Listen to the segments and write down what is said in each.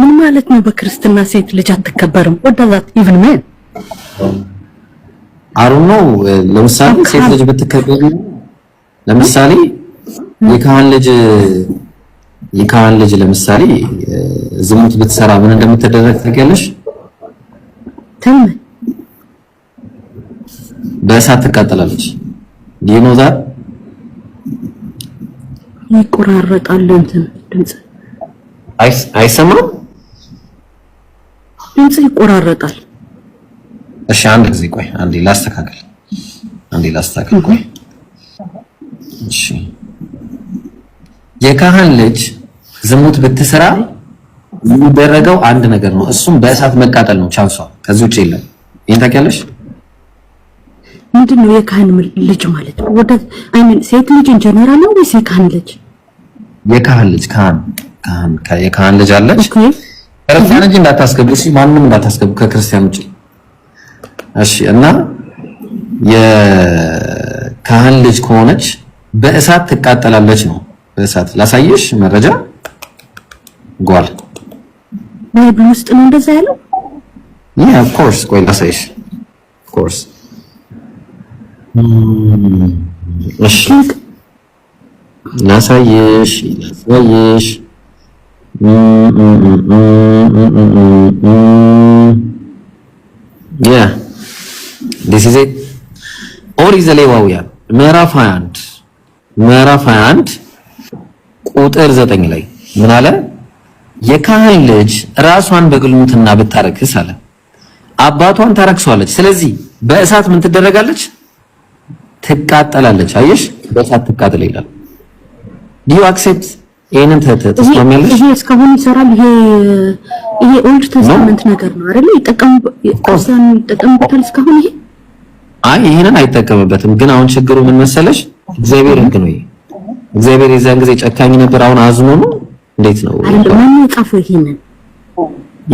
ምን ማለት ነው? በክርስትና ሴት ልጅ አትከበርም? ወዳዛት ኢቭን ሜን አሩ ነው። ለምሳሌ ሴት ልጅ ብትከበር ለምሳሌ የካህን ልጅ የካህን ልጅ ለምሳሌ ዝሙት ብትሰራ ምን እንደምትደረግ ታውቂያለሽ? ተም በእሳት ትቃጠላለች። ዲኖዛ ይቆራረጣል። እንትን ድምጽ አይሰማም። ድምጽ ይቆራረጣል። እሺ አንድ ጊዜ ቆይ፣ አንዴ ላስተካከል፣ አንዴ ላስተካከል፣ ቆይ። እሺ የካህን ልጅ ዝሙት ብትሰራ የሚደረገው አንድ ነገር ነው፣ እሱም በእሳት መቃጠል ነው። ቻንሷ ከዚህ ውጭ የለም። ይሄን ታውቂያለሽ? ምንድነው የካህን ልጅ ማለት ነው? ወደ አይ ሚን ሴት ልጅ ጀነራል ነው ወይስ የካህን ልጅ? የካህን ልጅ ካህን ካህን የካህን ልጅ አለች። ኦኬ ክርስቲያን እንጂ እንዳታስገቡ፣ እሺ? ማንም እንዳታስገቡ ከክርስቲያን ውጭ። እሺ። እና የካህን ልጅ ከሆነች በእሳት ትቃጠላለች ነው። በእሳት ላሳየሽ መረጃ ጓል ባይብል ውስጥ ነው እንደዛ ያለው። ያ ኦፍ ኮርስ። ቆይ ላሳይሽ። ኦፍ ኮርስ። እሺ ላሳየሽ ላሳየሽ ኦሪት ዘሌዋውያን ምዕራፍ 21 ምዕራፍ 21 ቁጥር 9 ላይ ምን አለ? የካህን ልጅ ራሷን በግልሙትና ብታረክስ አለ አባቷን ታረክሷለች። ስለዚህ በእሳት ምን ትደረጋለች? ትቃጠላለች። አየሽ፣ በእሳት ትቃጠል ይላል። ዲዩ አክሴፕት ይሄንን ተስማሚያለሽ? ይሄ እስካሁን ይሰራል። ይሄ ይሄ ኦልድ ተስታመንት ነገር ነው አይደል? ይጠቀም ክርስቲያን ይጠቀምበታል። እስካሁን ይሄ አይ ይሄንን አይጠቀምበትም። ግን አሁን ችግሩ ምን መሰለሽ? እግዚአብሔር ህግ ነው። ይሄ እግዚአብሔር የዛን ጊዜ ጨካኝ ነበር። አሁን አዝኖ ነው። እንዴት ነው አይደል? ማን የጻፈው ይሄንን?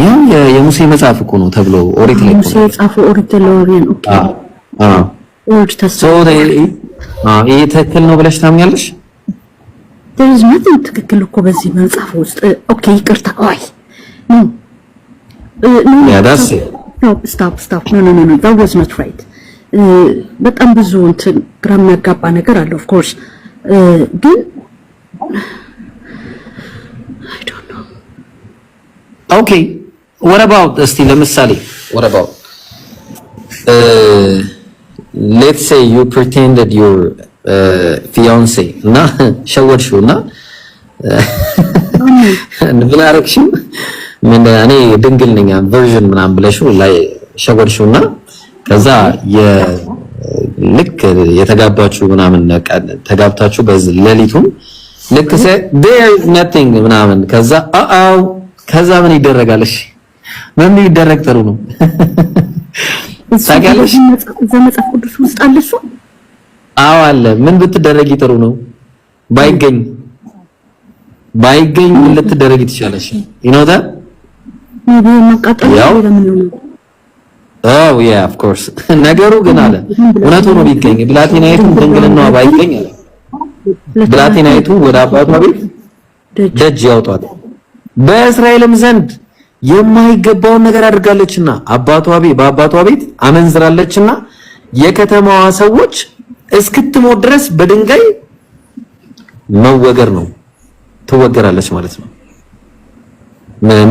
ያው የሙሴ መጽሐፍ እኮ ነው ተብሎ ኦሪት ላይ ሙሴ የጻፈው ኦሪት ለወሪን ኦኬ። አ ኦልድ ተስታመንት ይሄ ትክክል ነው ብለሽ ታምኛለሽ? ዝ ናትን ትክክል እኮ በዚህ መጽሐፍ ውስጥ ኦኬ፣ ይቅርታ ይ ዝ ኖት ራይት በጣም ብዙ እንትን ግራ የሚያጋባ ነገር አለ። ኦፍኮርስ ግን ኦኬ ወረባው እስቲ ለምሳሌ ወረባው ሌትስ ሴይ ዩ ፕሪቴንድድ ዩር ፊያንሴ እና ሸወድሽው እና ምን አደረግሽው? ምን እኔ ድንግል ነኝ ቨርዥን ምናምን ብለሽው ላይ ሸወድሽው እና ከዛ ልክ የተጋባችሁ ምናምን ተጋብታችሁ በዚህ ሌሊቱን ልክ ሰ there is nothing ምናምን ከዛ አው ከዛ ምን ይደረጋለሽ? ምን ይደረግ ጥሩ ነው ታውቂያለሽ? ዘመጽሐፍ ቅዱስ ውስጥ አለሽው አዎ አለ። ምን ብትደረጊ ጥሩ ነው? ባይገኝ ባይገኝ ምን ልትደረጊ ትችላለሽ? ይኖታ ያው ያ ኦፍ ኮርስ ነገሩ ግን አለ እውነት ነው። ቢገኝ ብላቴናይቱ ድንግልናዋ ባይገኝ አለ ብላቴናይቱ ወደ አባቷ ቤት ደጅ ያውጧት። በእስራኤልም ዘንድ የማይገባውን ነገር አድርጋለችና አባቷ ቤት በአባቷ ቤት አመንዝራለችና የከተማዋ ሰዎች እስክትሞት ድረስ በድንጋይ መወገር ነው። ትወገራለች ማለት ነው።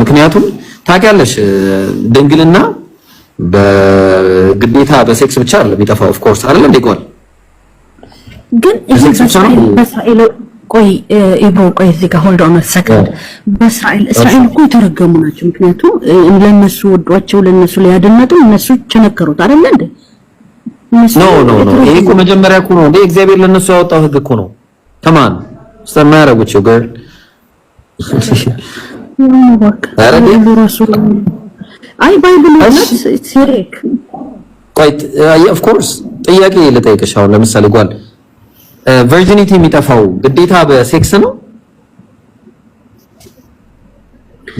ምክንያቱም ታውቂያለሽ ድንግልና በግዴታ በሴክስ ብቻ አይደለም የሚጠፋው። ኦፍ ኮርስ አይደለም እንደቆል ግን ቆይ ኢብሮ ቆይ እዚህ ጋር ሆልድ ኦን ሰከንድ። በእስራኤል እስራኤል እኮ የተረገሙ ናቸው። ምክንያቱም ለነሱ ወዷቸው ለነሱ ሊያደነጡ እነሱ ቸነከሩት አይደል እንዴ ኖ ኖ ኖ ይሄ እኮ መጀመሪያ እኮ ነው እንዴ እግዚአብሔር ለነሱ ያወጣው ህግ እኮ ነው። ከማን ስለማያረጉት ዩ ገር አይ ባይብል ሲሪክ ኦፍ ኮርስ ጥያቄ ልጠይቅሽ። አሁን ለምሳሌ ጓል ቨርጂኒቲ የሚጠፋው ግዴታ በሴክስ ነው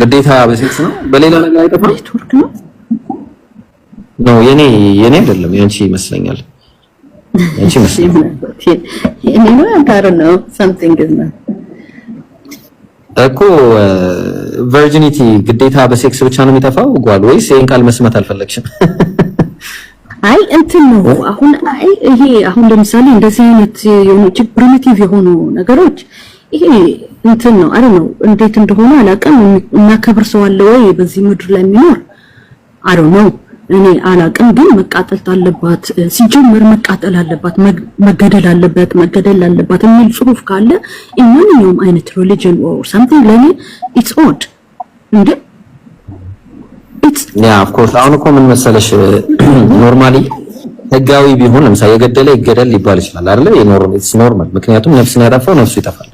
ግዴታ በሴክስ ነው በሌላ ነገር አይጠፋም። ኔትወርክ ነው ነው የኔ የኔ አይደለም ያንቺ ይመስለኛል። ያንቺ ይመስለኛል እኮ ቨርጂኒቲ uh, ግዴታ በሴክስ ብቻ ነው የሚጠፋው ጓል? ወይስ ይሄን ቃል መስማት አልፈለግሽም? አይ እንትን ነው አሁን። አይ ይሄ አሁን ለምሳሌ እንደዚህ አይነት የሆኑ ፕሪሚቲቭ የሆኑ ነገሮች ይሄ እንትን ነው አረ ነው እንዴት እንደሆነ አላውቅም። የሚያከብር ሰው አለ ወይ በዚህ ምድር ላይ የሚኖር ዶንት ነው እኔ አላቅም፣ ግን መቃጠል አለባት። ሲጀመር መቃጠል አለባት፣ መገደል አለበት፣ መገደል አለባት የሚል ጽሁፍ ካለ ማንኛውም አይነት ሪሊጅን ኦር ሳምቲንግ ለእኔ ኢትስ ኦድ እንደ ያ ኦፍ ኮርስ። አሁን እኮ ምን መሰለሽ ኖርማሊ ህጋዊ ቢሆን ለምሳሌ የገደለ ይገደል ሊባል ይችላል አይደለ? ኢትስ ኖርማል። ምክንያቱም ነፍስን ያጠፋው ነፍሱ ይጠፋል።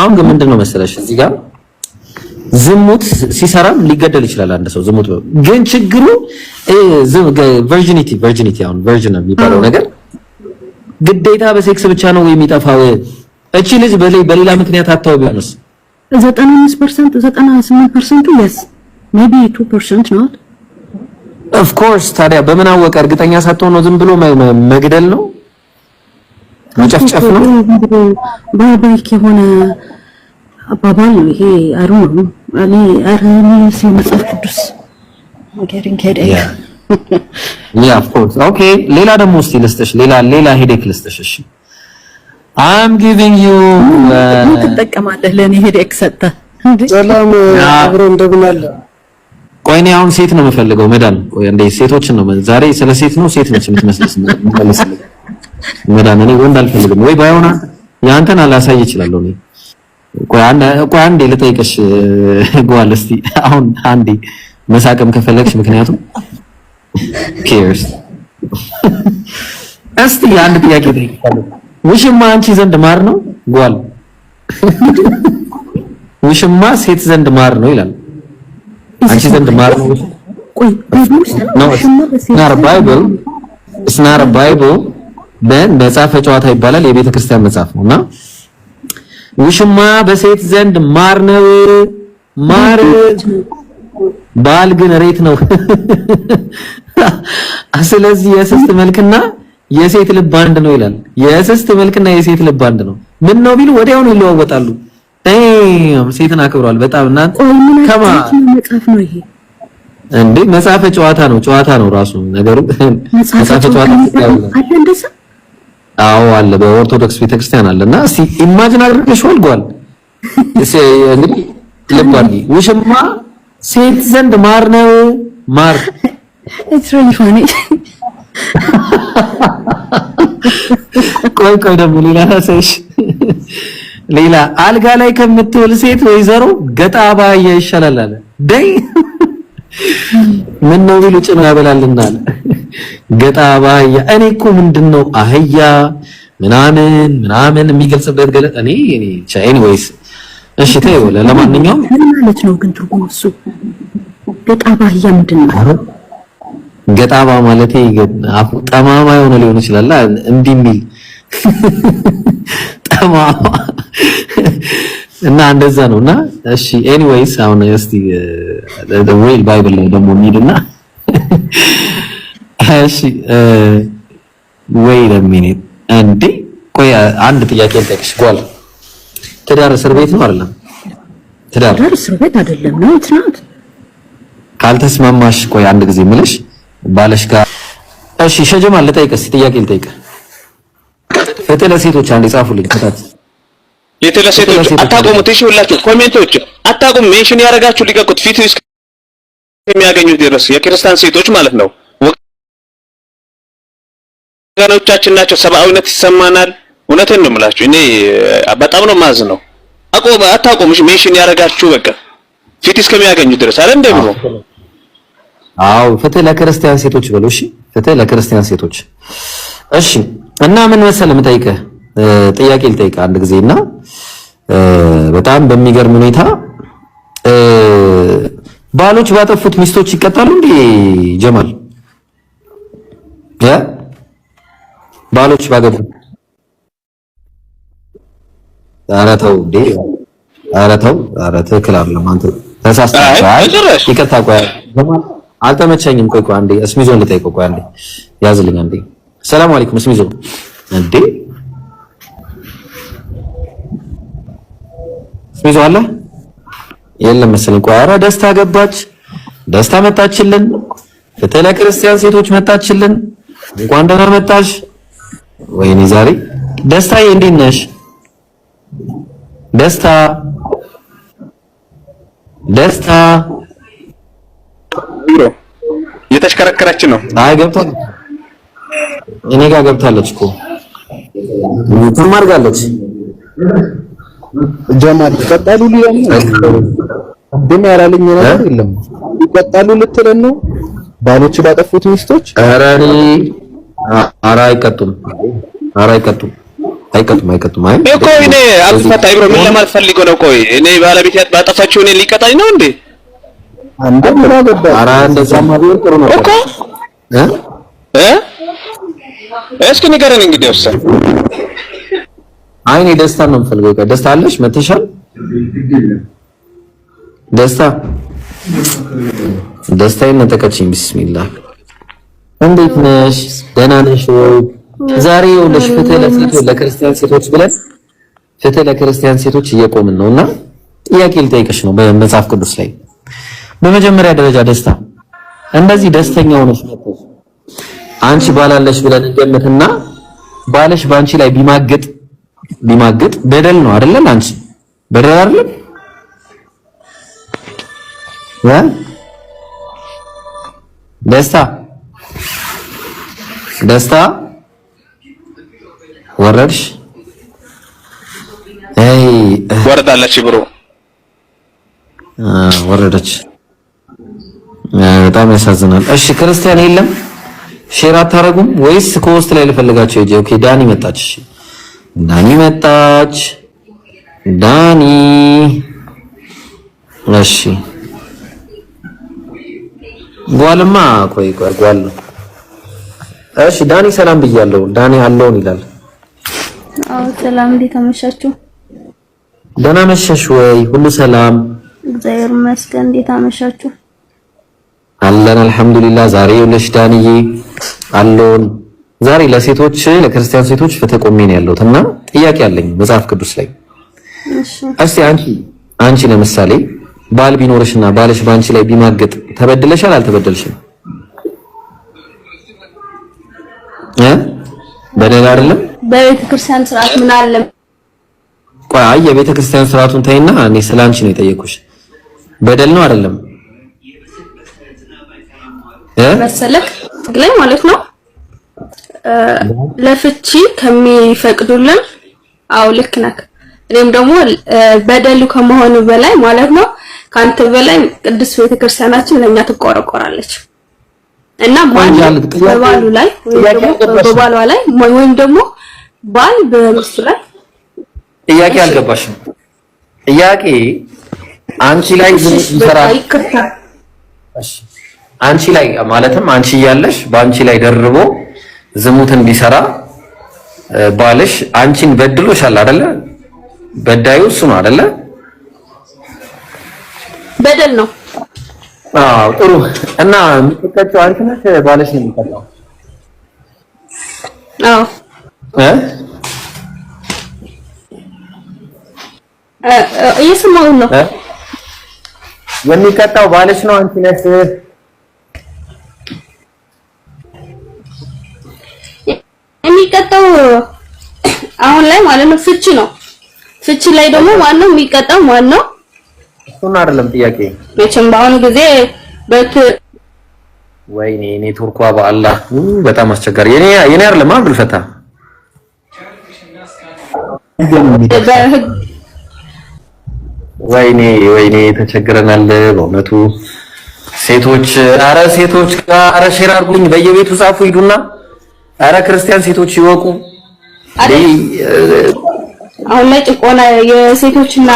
አሁን ግን ምንድን ነው መሰለሽ እዚህ ጋር ዝሙት ሲሰራም ሊገደል ይችላል። አንድ ሰው ዝሙት ግን ችግሩ ቨርጂኒቲ ቨርጂኒቲ አሁን ቨርጅን የሚባለው ነገር ግዴታ በሴክስ ብቻ ነው የሚጠፋው። እቺ ልጅ በሌላ ምክንያት አታው ቢሆንስ? 95% 98% yes maybe 2% not of course። ታዲያ በምን አወቀ? እርግጠኛ ሳትሆን ነው ዝም ብሎ መግደል ነው መጨፍጨፍ ነው ባይባይክ የሆነ አባባል ነው ይሄ። አሩ ነው እኔ መጽሐፍ ቅዱስ ኦኬ። ሌላ ደግሞ እስቲ ልስጥሽ፣ ሌላ ሌላ ሄዴክ ልስጥሽ። እሺ አም ጊቪንግ ዩ ትጠቀማለህ። ሄዴክ ሰላም አብሮ እንደምን አለ። ቆይ እኔ አሁን ሴት ነው የምፈልገው። መዳን ሴቶችን ነው ዛሬ ስለ ሴት ነው ሴት ነች መዳን። እኔ ወንድ አልፈልግም ወይ ባይሆን አላሳይ ቆይ አንዴ ልጠይቅሽ ጓል እስቲ አሁን አንዴ መሳቀም ከፈለግሽ ምክንያቱም ኬርስ እስቲ አንድ ጥያቄ ጠይቃለሁ። ውሽማ አንቺ ዘንድ ማር ነው? ጓል ውሽማ ሴት ዘንድ ማር ነው ይላል። አንቺ ዘንድ ማር ነው? ቆይ ባይብል ስናር ባይብል በመጽሐፈ ጨዋታ ይባላል። የቤተ ክርስቲያን መጽሐፍ ነውና ውሽማ በሴት ዘንድ ማር ነው። ማር ባል ግን ሬት ነው። ስለዚህ የእስስት መልክና የሴት ልብ አንድ ነው ይላል። የእስስት መልክና የሴት ልብ አንድ ነው። ምን ነው ቢሉ ወዲያውኑ ይለዋወጣሉ። ሴትን አክብሯል በጣም እና ከማ እንዴ መጽሐፈ ጨዋታ ነው። ጨዋታ ነው ራሱ ነገሩ መጽሐፈ ጨዋታ እንደዛ አዎ አለ። በኦርቶዶክስ ቤተክርስቲያን አለ እና እስቲ ኢማጂን አድርገሽ ወልጓል። እንግዲህ ልባል ውሽማ ሴት ዘንድ ማር ነው ማር ቆይ ቆይ ደግሞ ሌላ ሰሽ ሌላ አልጋ ላይ ከምትውል ሴት ወይዘሮ ገጣባ ይሻላል አለ። ደይ ምን ነው ቢሉ ጭኖ ያበላልና አለ ገጣ ባህያ እኔ እኮ ምንድነው አህያ ምናምን ምናምን የሚገልጽበት ገለ እኔ እኔ ቻይን ወይስ እሺ ተይው። ለማንኛውም ምን ማለት ነው ግን ትርጉም እሱ ገጣ ባህያ ምንድነው? ገጣባ ማለት አፉ ጠማማ የሆነ ሊሆን ይችላል። እንዲህ የሚል ጠማማ እና እንደዛ ነው። እና እሺ ኤኒዌይስ አሁን እስቲ ወይል ባይብል ላይ ደግሞ እንሂድና እሺ ወይ ለሚኒት እንዴ ቆይ አንድ ጥያቄ ልጠይቅሽ። ጓል ትዳር እስር ቤት ነው አይደለም? ትዳር እስር ቤት አይደለም ነው እንትናት ካልተስማማሽ፣ ቆይ አንድ ጊዜ ምልሽ ባለሽ ጋር እሺ። ሸጀማ ልጠይቅ እስኪ ጥያቄ ልጠይቅ። ፍትህ ለሴቶች አንድ ጻፉልኝ። ከታች የፍትህ ለሴቶች አታቆሙት። እሺ ሁላችሁ ኮሜንቶች አታቆሙ። ሜንሽን ያደረጋችሁ ሊቀቁት ፊት የሚያገኙት ድረስ የክርስቲያን ሴቶች ማለት ነው ወገኖቻችን ናቸው። ሰብአዊነት ይሰማናል። እውነቴን ነው የምላችሁ። እኔ በጣም ነው ማዝ ነው አቆም አታቆም ሜሽን ያደርጋችሁ በቃ ፊት እስከሚያገኙ ድረስ አለ እንደ ብሎ አው ፍትህ ለክርስቲያን ሴቶች ብሎ እሺ፣ ፍትህ ለክርስቲያን ሴቶች። እሺ። እና ምን መሰለ የምጠይቅህ ጥያቄ ልጠይቅህ አንድ ጊዜ እና በጣም በሚገርም ሁኔታ ባሎች ባጠፉት ሚስቶች ይቀጣሉ እንዴ ጀማል? ባሎች ባገቡ ኧረ ተው እንዴ! ኧረ ተው! ኧረ ትክክል አይደለም። አንተ ተሳስተሃል። ይቅርታ ቆይ አልተመቸኝም። ቆይ ቆይ አንዴ እስሚዞ ልጠይቀው። ቆይ አንዴ ያዝልኝ አንዴ። ሰላም አለይኩም እስሚዞ። እንዴ እስሚዞ አለ የለም መሰለኝ። ቆይ ኧረ ደስታ ገባች፣ ደስታ መጣችልን። ፍትህ ለክርስቲያን ሴቶች መጣችልን። እንኳን ደህና መጣሽ ወይኔ ዛሬ ደስታዬ፣ እንዴት ነሽ ደስታ? ደስታ እየተሽከረከረች ነው። አይ ገብታ እኔ ጋር ገብታለች እኮ ምንም አድርጋለች። ጀማል ይቀጣሉ ሊያም ደም ያላለኝ ነገር የለም ይቀጣሉ ልትለን ነው ባሎች ባጠፉት ሚስቶች ኧረ ኧረ አይቀጡም፣ ኧረ አይቀጡም፣ አይቀጡም፣ አይቀጡም። አይ እኮ እኔ አጥፋት አይብሮ ምን ለማለት ፈልገው ነው? ቆይ እኔ ባለቤት ባጠፋችው እኔ ሊቀጣኝ ነው እንዴ? አንዴ ምን አገባ? ኧረ እንደዛማ ቢሆን ጥሩ ነው እኮ እ እ እስኪ ንገረን እንግዲህ ወሰን አይ እኔ ደስታ ነው የምፈልገው። በቃ ደስታ አለሽ መተሻል ደስታ ደስታዬን ነጠቀችኝ። ቢስሚላህ እንዴት ነሽ? ደህና ነሽ ወይ? ዛሬ ይኸውልሽ ፍትህ ለሴቶች ለክርስቲያን ሴቶች ብለን ፍትህ ለክርስቲያን ሴቶች እየቆምን ነው እና ጥያቄ ልጠይቅሽ ነው በመጽሐፍ ቅዱስ ላይ በመጀመሪያ ደረጃ ደስታ እንደዚህ ደስተኛ ሆነሽ አንቺ ባላለሽ ብለን እንደምትና ባለሽ በአንቺ ላይ ቢማግጥ ቢማግጥ በደል ነው አይደለም? አንቺ በደል አይደለም? ደስታ ደስታ ወረድሽ? አይ ወረዳለች፣ ብሮ ወረደች። በጣም ያሳዝናል። እሺ ክርስቲያን የለም ሼር አታረጉም ወይስ ከውስጥ ላይ ልፈልጋቸው? እጂ ኦኬ። ዳኒ መጣች፣ እሺ ዳኒ መጣች፣ ዳኒ እሺ። ጓልማ ቆይ ቆይ ጓል እሺ ዳኒ ሰላም ብያለሁ። ዳኒ አለውን ይላል። አዎ ሰላም፣ እንዴት አመሻችሁ? ደህና መሸሽ ወይ? ሁሉ ሰላም፣ እግዚአብሔር ይመስገን። እንዴት አመሻችሁ? አለን አልሐምዱሊላህ። ዛሬ ይኸውልሽ ዳንዬ አለውን ዛሬ ለሴቶች ለክርስቲያን ሴቶች ፍትህ ቆሜ ነው ያለሁት እና ጥያቄ አለኝ መጽሐፍ ቅዱስ ላይ። እሺ አንቺ አንቺ ለምሳሌ ባል ቢኖርሽና ባልሽ ባንቺ ላይ ቢማግጥ ተበድለሻል አልተበደልሽም? በደል አይደለም። በቤተ ክርስቲያን ስርዓት ምን አለ? ቆይ የቤተ ክርስቲያን ስርዓቱን እኔ ነው የጠየኩሽ። በደል ነው አይደለም መሰለክ ማለት ነው። ለፍቺ ከሚፈቅዱልን አው ልክ ነክ። እኔም ደግሞ በደሉ ከመሆኑ በላይ ማለት ነው ከአንተ በላይ ቅድስት ቤተክርስቲያናችን ለእኛ ትቆረቆራለች። እና በባሉ ላይ በባሏ ላይ ወይም ደግሞ ባል በሚስቱ ላይ ጥያቄ አልገባሽም። ጥያቄ አንቺ ላይ ይሰራ አንቺ ላይ ማለትም አንቺ እያለሽ በአንቺ ላይ ደርቦ ዝሙትን ቢሰራ ባልሽ አንቺን በድሎሻል አይደለ? በዳዩ እሱ ነው አይደለ? በደል ነው። አዎ ጥሩ እና የምትቀጫው አሪፍ ነች። ባለሽ ነው የሚቀጫው? አዎ እ እየሰማሁህ ነው። የሚቀጣው ባለሽ ነው አንቺ ነሽ? የሚቀጣው አሁን ላይ ማለት ነው ፍቺ ነው። ፍቺ ላይ ደግሞ ማነው የሚቀጣው? ነው? እሱን አይደለም ጥያቄ። መቼም በአሁኑ ጊዜ በት ወይኔ ቱርኳ በአላህ በጣም አስቸጋሪ። የኔ የኔ አይደለም አብዱል ፈታ ወይኔ ወይኔ ተቸግረናል በእውነቱ። ሴቶች አረ ሴቶች ጋር አረ ሼር አድርጉኝ፣ በየቤቱ ጻፉ ሂዱና። አረ ክርስቲያን ሴቶች ይወቁ። አሁን ላይ ጭቆና የሴቶችና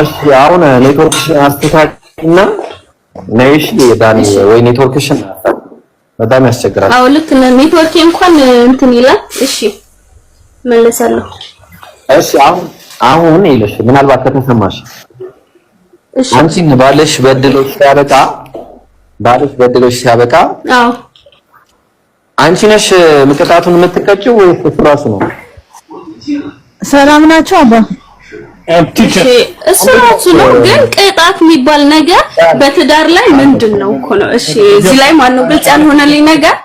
እሺ አሁን ኔትወርክ አስተካክልና ነይሽ ዳኒ ወይ ኔትወርክሽን በጣም ያስቸግራል። አዎ ልክ ነው። ኔትወርክ እንኳን እንትን ይላል። እሺ መለሳለሁ። እሺ አሁን አሁን ይልሽ ምናልባት ከተሰማሽ እሺ አንቺን ባልሽ በድሎሽ ሲያበቃ ባለሽ በድሎሽ ሲያበቃ አዎ አንቺ ነሽ ቅጣቱን የምትቀጭው ወይስ እሱ ራሱ ነው? ሰላም ናቸው አባ Um, እሱ ራሱ ነው። um, ግን ቅጣት የሚባል ነገር በትዳር ላይ ምንድን ነው እኮ ነው። እሺ እዚህ ላይ ማነው ግልጽ ያልሆነልኝ ነገር?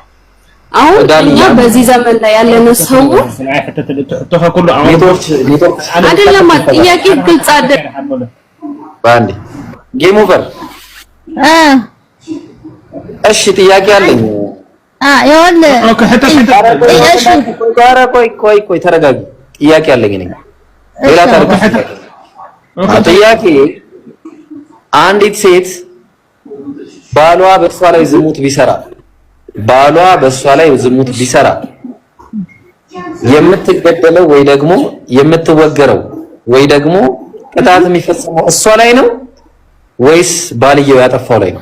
አሁን እኛ በዚህ ዘመን ላይ ያለነው ሰው አይደለም። ጥያቄ ግልጽ አይደለም። ባንዴ ጌም ኦቨር እሺ ጥያቄ አለኝ። ይኸውልህ፣ እሺ ቆይ ቆይ ቆይ ተረጋጊ። ጥያቄ አለኝ ነኝ ሌላ ጥያቄ አንዲት ሴት ባሏ በእሷ ላይ ዝሙት ቢሰራ ባሏ በእሷ ላይ ዝሙት ቢሰራ የምትገደለው ወይ ደግሞ የምትወገረው ወይ ደግሞ ቅጣት የሚፈጸመው እሷ ላይ ነው ወይስ ባልየው ያጠፋው ላይ ነው?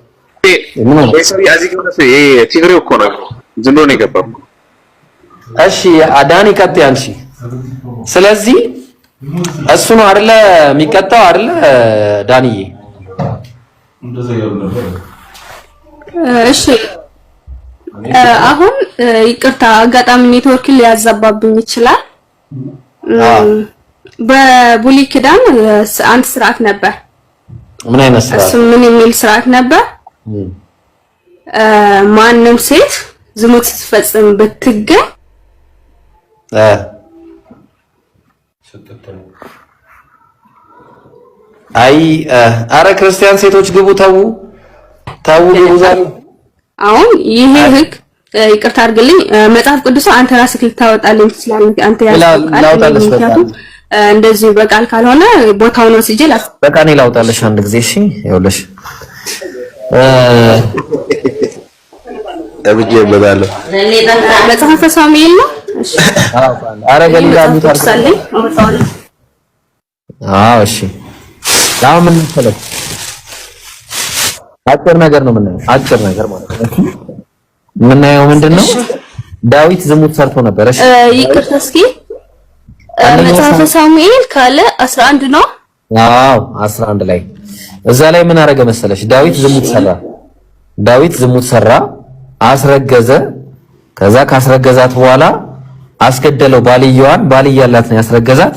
ትግሬው እሺ አዳኒ ቀጥ ያንቺ ስለዚህ እሱ ነው አይደለ የሚቀጣው አይደለ ዳንዬ? እሺ አሁን ይቅርታ አጋጣሚ ኔትወርክ ሊያዛባብኝ ይችላል። በቡሊ ኪዳን አንድ ስርዓት ነበር። ምን አይነት ስርዓት? እሱ ምን የሚል ስርዓት ነበር? ማንም ሴት ዝሙት ስትፈጽም ብትገኝ አይ አረ ክርስቲያን ሴቶች ግቡ፣ ተው ተው፣ ግቡ። አሁን ይሄ ህግ ይቅርታ አድርግልኝ፣ መጽሐፍ ቅዱስ አንተ ራስህ ልታወጣልኝ ትችላለህ። አንተ ያውጣልሽ እንደዚህ በቃል ካልሆነ ቦታው ነው ሲጀላ በቃ እኔ ላውጣልሽ አንድ ጊዜ እሺ፣ ይኸውልሽ አብጄ በባለ መጽሐፈ ሳሙኤል ነው። አረ ገሊላ አዎ እሺ። አሁን ምን መሰለህ አጭር ነገር ነው የምናየው። አጭር ነገር ማለት ነው የምናየው ምንድን ነው? ዳዊት ዝሙት ሰርቶ ነበር። እሺ ይቅርታ፣ እስኪ መጽሐፈ ሳሙኤል ካለ 11 ነው። አዎ 11 ላይ እዛ ላይ ምን አረገ መሰለሽ? ዳዊት ዝሙት ሰራ። ዳዊት ዝሙት ሰራ፣ አስረገዘ። ከዛ ካስረገዛት በኋላ አስገደለው። ባልየዋን ባልያላት ነው ያስረገዛት።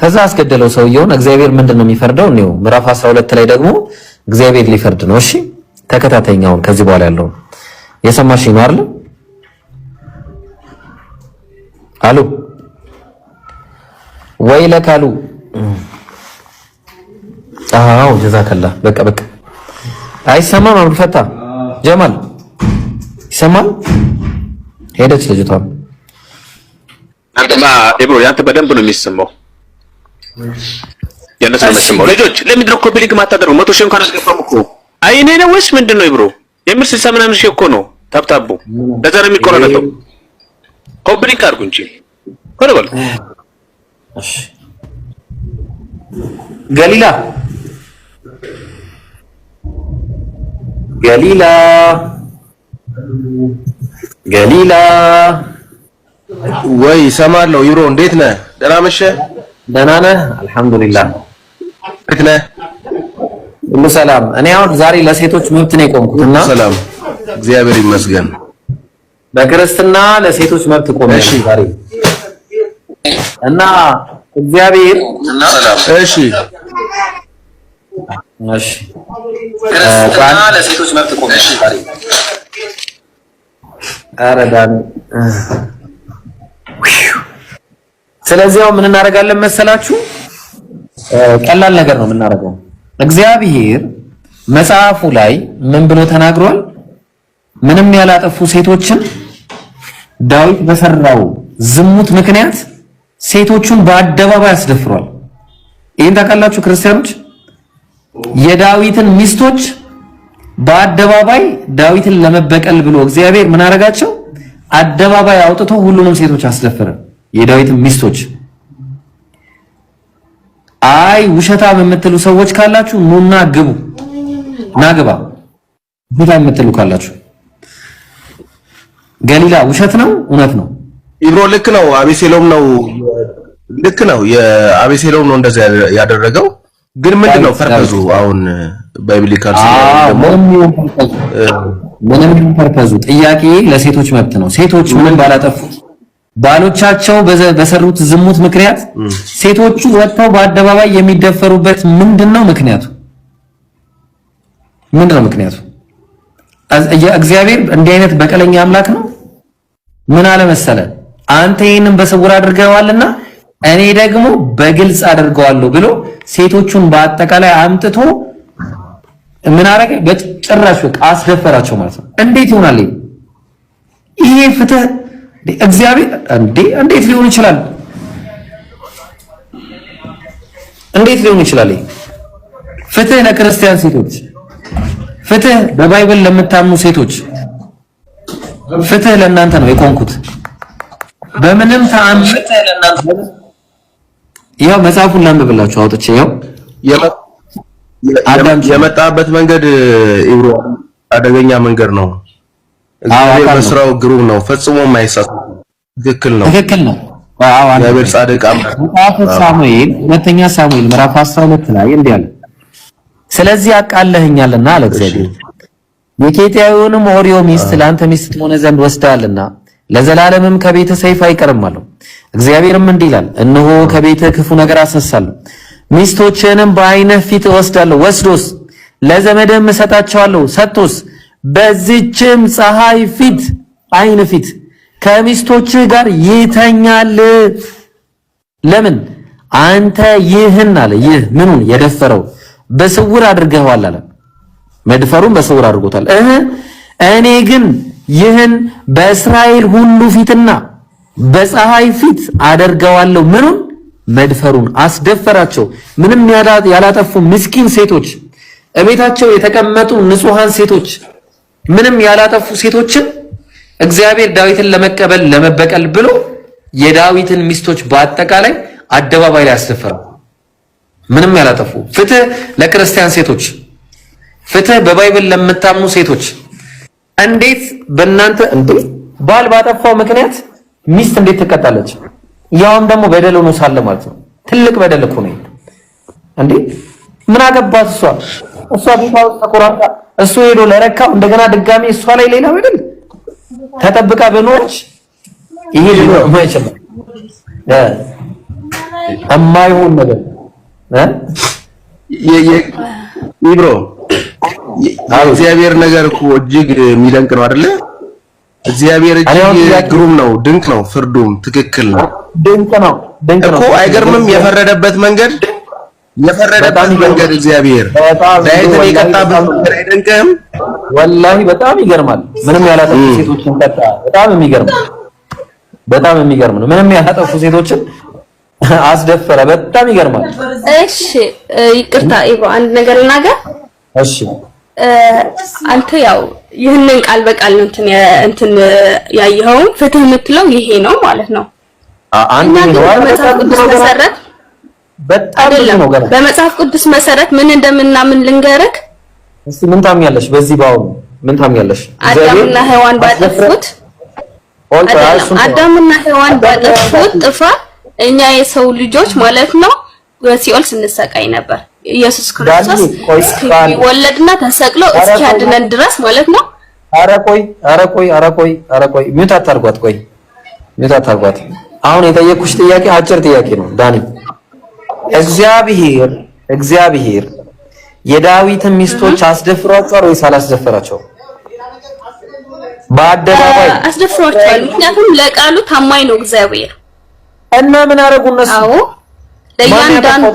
ከዛ አስገደለው ሰውየውን። እግዚአብሔር ምንድን ነው የሚፈርደው? ነው ምዕራፍ 12 ላይ ደግሞ እግዚአብሔር ሊፈርድ ነው። እሺ ተከታተኛውን ከዚህ በኋላ ያለው የሰማሽ ነው አይደል? አሉ ወይ ለካሉ አዎ ጀዛከላ። በቃ በቃ አይሰማም። አብዱልፈታ ጀማል ይሰማል። ሄደች ልጅቷ። አንተማ ኢብሮ ያንተ በደንብ ነው የሚሰማው። ያነሰ ነው የሚሰማው። ልጆች ለምንድን ነው ኮፒ ሊንክ መቶ ሺህ እንኳን አስገባም እኮ አይ እኔ ነው ወይስ ምንድን ነው ኢብሮ? የምር ስልሳ ምናምን ሺህ እኮ ነው ታብታቡ። ለዛ ነው የሚቆራረጠው። ኮፒ ሊንክ አድርጉ እንጂ ገሊላ ገሊላ ገሊላ ወይ ሰማለው። ይብሮ እንዴት ነህ? ደህና መሸህ? ደህና ነህ? አልሐምዱሊላህ። እንዴት ነህ? ሁሉ ሰላም። እኔ አሁን ዛሬ ለሴቶች መብት ነው የቆምኩት እና ሰላም፣ እግዚአብሔር ይመስገን። በክርስትና ለሴቶች መብት ቆመ ዛሬ እና እግዚአብሔር እሺ ክርስትና ስለዚህ አሁን ምን እናደርጋለን መሰላችሁ? ቀላል ነገር ነው የምናደርገው። እግዚአብሔር መጽሐፉ ላይ ምን ብሎ ተናግሯል? ምንም ያላጠፉ ሴቶችን ዳዊት በሰራው ዝሙት ምክንያት ሴቶቹን በአደባባይ አስደፍሯል። ይህን ታውቃላችሁ ክርስቲያኖች የዳዊትን ሚስቶች በአደባባይ ዳዊትን ለመበቀል ብሎ እግዚአብሔር ምን አረጋቸው? አደባባይ አውጥቶ ሁሉንም ሴቶች አስደፈረ። የዳዊትን ሚስቶች አይ ውሸታም የምትሉ ሰዎች ካላችሁ ኑና ግቡ፣ ናግባ ውሸታም የምትሉ ካላችሁ ገሊላ ውሸት ነው እውነት ነው። ኢብሮ ልክ ነው። አቤሴሎም ነው ልክ ነው። የአቤሴሎም ነው እንደዛ ያደረገው ግን ምንድን ነው ፐርፐዙ? አሁን uh, ah, ባይብሊካል ምንም ፐርፐዙ uh, ጥያቄ ለሴቶች መብት ነው። ሴቶች ምን ባላጠፉት ባሎቻቸው በሰሩት ዝሙት ምክንያት ሴቶቹ ወጥተው በአደባባይ የሚደፈሩበት ምንድን ነው ምክንያቱ? ምንድን ነው ምክንያቱ? እግዚአብሔር እንዲህ አይነት በቀለኛ አምላክ ነው። ምን አለ መሰለ አንተ ይህንን በስውር አድርገዋልና እኔ ደግሞ በግልጽ አድርገዋለሁ ብሎ ሴቶቹን በአጠቃላይ አምጥቶ ምን አረገ? በጭራሽ በቃ አስደፈራቸው ማለት ነው። እንዴት ይሆናል ይሄ? ፍትህ እግዚአብሔር እንዴ! እንዴት ሊሆን ይችላል? እንዴት ሊሆን ይችላል? ፍትህ ለክርስቲያን ሴቶች፣ ፍትህ በባይብል ለምታምኑ ሴቶች፣ ፍትህ ለእናንተ ነው የቆንኩት በምንም ተአምር ለእናንተ ነው። ያው መጽሐፉን ላንብብላችሁ አውጥቼ ያው የመጣበት መንገድ ኢብሮ አደገኛ መንገድ ነው። እግዚአብሔር በስራው ግሩም ነው፣ ፈጽሞ ማይሳት ትክክል ነው፣ ትክክል ነው። አዎ እግዚአብሔር ጻድቅ አምላክ። ሳሙኤል ሁለተኛ ሳሙኤል ምዕራፍ 12 ላይ እንዲህ አለ፣ ስለዚህ አቃለህኛልና አለ እግዚአብሔር የኬጢያዊውንም ኦርዮ ሚስት ለአንተ ሚስት ትሆነ ዘንድ ወስደሃልና ለዘላለምም ከቤተ ሰይፍ አይቀርም አለው። እግዚአብሔርም እንዲህ ይላል፣ እነሆ ከቤተ ክፉ ነገር አሰሳለሁ፣ ሚስቶችንም በዓይንህ ፊት እወስዳለሁ፣ ወስዶስ ለዘመድም እሰጣቸዋለሁ፣ ሰጥቶስ በዚችም ፀሐይ ፊት ዓይን ፊት ከሚስቶች ጋር ይተኛል። ለምን አንተ ይህን አለ ይህ ምኑን የደፈረው በስውር አድርገዋል አለ። መድፈሩን በስውር አድርጎታል። እህ እኔ ግን ይህን በእስራኤል ሁሉ ፊትና በፀሐይ ፊት አደርገዋለሁ ምኑን መድፈሩን አስደፈራቸው። ምንም ያላጠፉ ምስኪን ሴቶች እቤታቸው የተቀመጡ ንጹሃን ሴቶች ምንም ያላጠፉ ሴቶችን እግዚአብሔር ዳዊትን ለመቀበል ለመበቀል ብሎ የዳዊትን ሚስቶች በአጠቃላይ አደባባይ ላይ አስደፈረ። ምንም ያላጠፉ ፍትህ ለክርስቲያን ሴቶች፣ ፍትህ በባይብል ለምታምኑ ሴቶች እንዴት በእናንተ እንዴ ባል ባጠፋው ምክንያት ሚስት እንዴት ትቀጣለች? ያውም ደግሞ በደል ሆኖ ሳለ ማለት ነው። ትልቅ በደል እኮ ነው እንዴ! ምን አገባት እሷ እሷ ቢታው ተቆራጣ፣ እሱ ሄዶ ለረካው እንደገና ድጋሚ እሷ ላይ ሌላ በደል ተጠብቃ በኖች ይሄ ሊኖር የማይችል እማይሆን ነገር ይብሮ እግዚአብሔር ነገር እኮ እጅግ የሚደንቅ ነው አይደለ? እግዚአብሔር እጅ ግሩም ነው፣ ድንቅ ነው፣ ፍርዱም ትክክል ነው። ድንቅ ነው፣ ድንቅ ነው እኮ አይገርምም? የፈረደበት መንገድ የፈረደበት መንገድ እግዚአብሔር ዳዊትን የቀጣበት መንገድ አይደንቅም? ወላሂ በጣም ይገርማል። ምንም ያላጠፉ ሴቶችን ቀጣ። በጣም የሚገርም በጣም የሚገርም ነው። ምንም ያላጠፉ ሴቶችን አስደፈረ። በጣም ይገርማል። እሺ ይቅርታ፣ አንድ ነገር ልናገር። እሺ አንተ ያው ይህንን ቃል በቃል ነው እንትን እንትን ያየኸው ፍትህ የምትለው ይሄ ነው ማለት ነው። አንድ ነው በመጽሐፍ ቅዱስ መሰረት በጣም ነው ገና በመጽሐፍ ቅዱስ መሰረት ምን እንደምናምን ልንገርክ። እስቲ ምን ታምኛለሽ? በዚህ ባው ምን ታምኛለሽ? አዳምና ሔዋን ባጠፉት አዳምና ሔዋን ባጠፉት ጥፋት እኛ የሰው ልጆች ማለት ነው በሲኦል ስንሰቃይ ነበር። ኢየሱስ ክርስቶስ እስኪወለድና ተሰቅሎ እስኪያድነን ድረስ ማለት ነው። ኧረ ቆይ ኧረ ቆይ ኧረ ቆይ ኧረ ቆይ ሚውት አታርጓት። ቆይ ሚውት አታርጓት። አሁን የጠየኩሽ ጥያቄ አጭር ጥያቄ ነው ዳኒ። እግዚአብሔር እግዚአብሔር የዳዊትን ሚስቶች አስደፍሯቸዋል ወይስ አላስደፈራቸውም? በአደባባይ አስደፍሯቸዋል። ምክንያቱም ለቃሉ ታማኝ ነው እግዚአብሔር እና ምን አደረጉ እነሱ ለእያንዳንዷ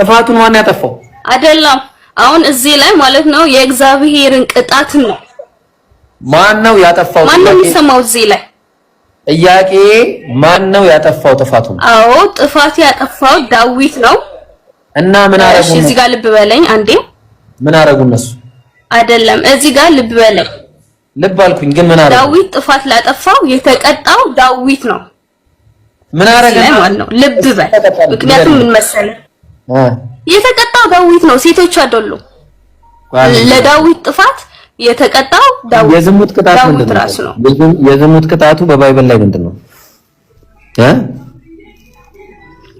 ጥፋቱን ማን ያጠፋው? አይደለም አሁን እዚህ ላይ ማለት ነው የእግዚአብሔርን ቅጣት ነው። ማን ነው ያጠፋው? ማን ነው የሚሰማው? እዚህ ላይ ጥያቄ ማን ነው ያጠፋው ጥፋቱን? አዎ ጥፋት ያጠፋው ዳዊት ነው። እና ምን አረጉ? እሺ እዚህ ጋር ልብ በለኝ አንዴ። ምን አረጉ እነሱ? አይደለም እዚህ ጋር ልብ በለኝ። ልብ አልኩኝ ግን ምን አረጉ? ዳዊት ጥፋት ላጠፋው የተቀጣው ዳዊት ነው። ምን አረገ? ልብ በል። ምክንያቱም ምን መሰለህ የተቀጣው ዳዊት ነው፣ ሴቶቹ አይደሉም። ለዳዊት ጥፋት የተቀጣው ዳዊት። የዝሙት ቅጣት ምንድን ነው? የዝሙት ቅጣቱ በባይብል ላይ ምንድን ነው?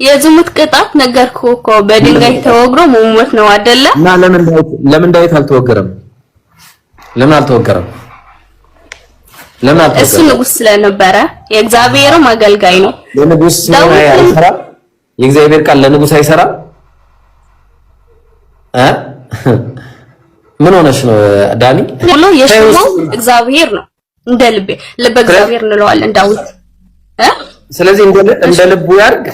የዝሙት ቅጣት ነገርኩህ እኮ በድንጋይ ተወግሮ መሞት ነው አይደለ? እና ለምን ዳዊት ለምን ዳዊት አልተወገረም? ለምን አልተወገረም? ለምን አልተወገረም? እሱ ንጉስ ስለነበረ የእግዚአብሔርም አገልጋይ ነው። ለንጉስ ስለነበረ የእግዚአብሔር ቃል ለንጉስ አይሰራም። ምን ሆነሽ ነው ዳኒ? ሁሉ የሽሞው እግዚአብሔር ነው። እንደ ልቤ ልበ እግዚአብሔር እንለዋለን ዳዊት። ስለዚህ እንደ ልቡ ያርግ።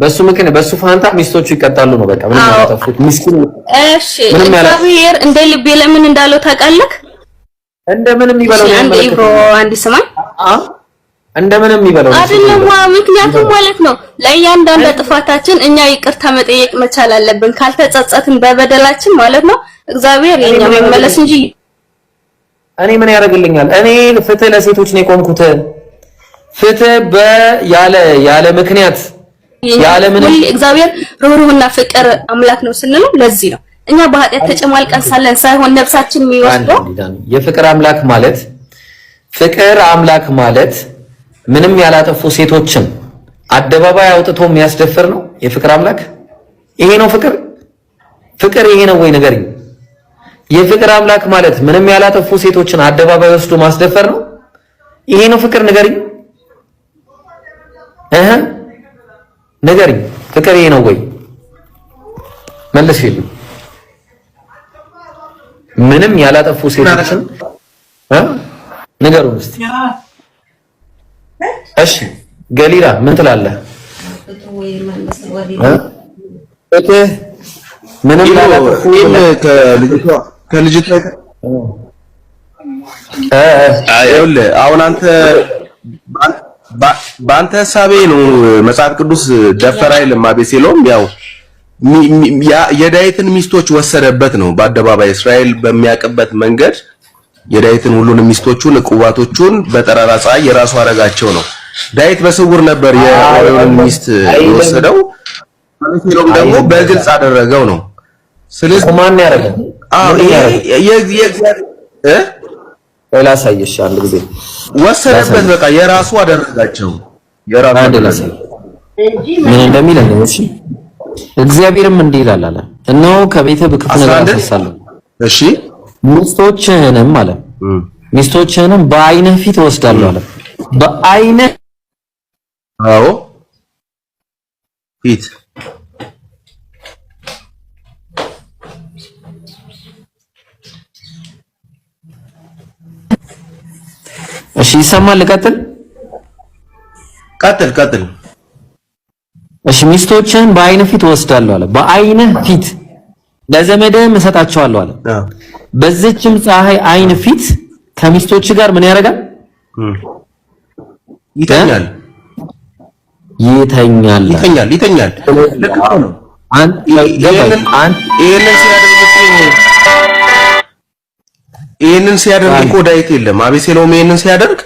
በሱ ምክንያት በሱ ፋንታ ሚስቶቹ ይቀጣሉ ነው። በቃ ምንም ያላጠፉት ሚስኪን። እሺ እግዚአብሔር እንደ ልቤ ለምን እንዳለው ታውቃለህ? እንደምንም ምንም ይበለው ነው። አንድ ስማኝ እንደምንም ይበለው አይደለም። ምክንያቱም ማለት ነው ለእያንዳንዱ ጥፋታችን እኛ ይቅርታ መጠየቅ መቻል አለብን። ካልተጸጸትን በበደላችን ማለት ነው እግዚአብሔር ለኛ መመለስ እንጂ እኔ ምን ያደርግልኛል? እኔ ፍትህ ለሴቶች ነው የቆምኩት። ፍትህ በያለ ያለ ምክንያት ያለ ምንም እግዚአብሔር ርህሩህና ፍቅር አምላክ ነው ስንለው ለዚህ ነው። እኛ በኃጢአት ተጨማልቀን ሳለን ሳይሆን ነፍሳችን የሚወስደው የፍቅር አምላክ ማለት ፍቅር አምላክ ማለት ምንም ያላጠፉ ሴቶችን አደባባይ አውጥቶ የሚያስደፍር ነው የፍቅር አምላክ። ይሄ ነው ፍቅር? ፍቅር ይሄ ነው ወይ ንገሪኝ። የፍቅር አምላክ ማለት ምንም ያላጠፉ ሴቶችን አደባባይ ወስዶ ማስደፈር ነው? ይሄ ነው ፍቅር? ንገሪኝ እህ ንገሪኝ። ፍቅር ይሄ ነው ወይ መልስ። ምንም ያላጠፉ ሴቶችን ንገሩን እስቲ እሺ ገሊላ ምን ትላለህ? ፍትህ ምንም ከልጅቷ አሁን አንተ በአንተ ሀሳቤ ነው መጽሐፍ ቅዱስ ደፈራ አይልም አቤሴሎም ያው የዳዊትን ሚስቶች ወሰደበት ነው። በአደባባይ እስራኤል በሚያውቅበት መንገድ የዳዊትን ሁሉንም ሚስቶቹን ዕቁባቶቹን በጠራራ ፀሐይ የራሱ አረጋቸው ነው። ዳዊት በስውር ነበር የኦሪዮን ሚስት የወሰደው፣ አቤሴሎም ደግሞ በግልጽ አደረገው ነው። ስለዚህ ማን ያደረገው? አዎ ላሳየሽ አንድ ጊዜ ወሰደበት። በቃ የራሱ አደረጋቸው። የራሱ አደረጋቸው። ምን እንደሚል ነው። እሺ እግዚአብሔርም እንዲህ ይላል አለ፣ እነሆ ከቤተ ብክፍ ነገር አስነሳለሁ። እሺ ሚስቶችህንም አለ ሚስቶችህንም በአይንህ ፊት እወስዳለሁ አለ በአይንህ አዎ ፊት እሺ ይሰማል ቀጥል ቀጥል ቀጥል እሺ ሚስቶችህን በአይንህ ፊት ወስዳለሁ አለ በአይንህ ፊት ለዘመድህም እሰጣቸዋለሁ አለ በዚህችም ፀሐይ አይን ፊት ከሚስቶች ጋር ምን ያደርጋል ይተኛል ይተኛል ይተኛል ይተኛል። ይሄንን ሲያደርግ እኮ ዳይት የለም። አቤሴሎም ይሄንን ሲያደርግ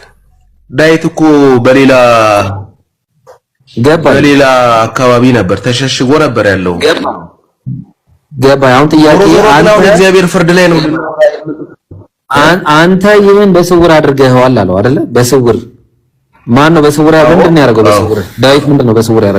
ዳይት እኮ በሌላ ገባ በሌላ አካባቢ ነበር ተሸሽጎ ነበር ያለው። ገባ አሁን ጥያቄ እግዚአብሔር ፍርድ ላይ ነው። አንተ ይህን በስውር አድርገኸዋል አለው አይደለ? በስውር ማን ነው በስውር ያደረገው? ምንድን ነው ያደረገው? በስውር ዳዊት ምንድን ነው በስውር ያደረገው?